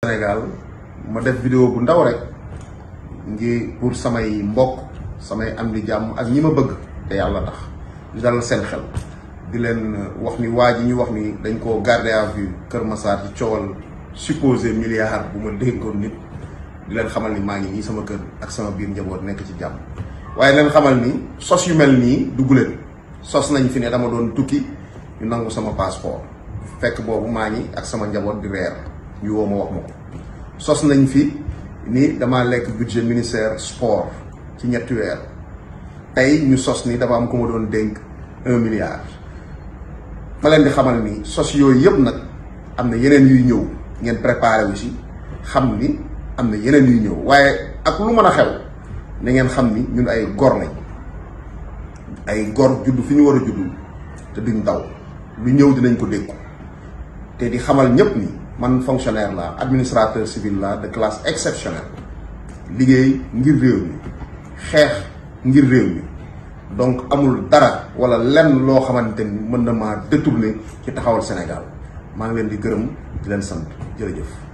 Senegal ma def vidéo bu ndaw rek ngi pour samay mbokk samay am di jam ak ñi ma bëgg te yalla tax ñu dalal sen xel di len wax ni waji ñu wax ni dañ ko garder à vue ma Massar ci ciowal supposé milliard bu ma nit di len xamal ni ma ngi ni sama keur ak sama biir njabot nek ci jam waye len xamal ni sos yu mel ni sos nañ fi ne dama doon tukki ñu nangu sama passeport fekk bobu ma ngi ak sama njabot di reer ñu woo ma wax ma ko sos nañ fi ni damaa lekk budget ministère sport ci ñetti weer tey ñu sos ni dafa am ku ma doon dénk un milliard ma leen di xamal ni sos yooyu yëpp nag am na yeneen yuy ñëw ngeen préparé wu si xam ni am na yeneen yuy ñëw waaye ak lu mën a xew na ngeen xam ni ñun ay gor lañ ay gor juddu fi ñu war a judd te duñ daw lu ñëw dinañ ko dékku te di xamal ñépp ni man fonctionnaire la administrateur civil la de classe exceptionnelle liggéey ngir réew mi xeex ngir réew mi donc amul dara wala lenn loo xamante ni mën na ma détourner ci taxawal Sénégal maa ngi leen di gërëm di leen sant jërëjëf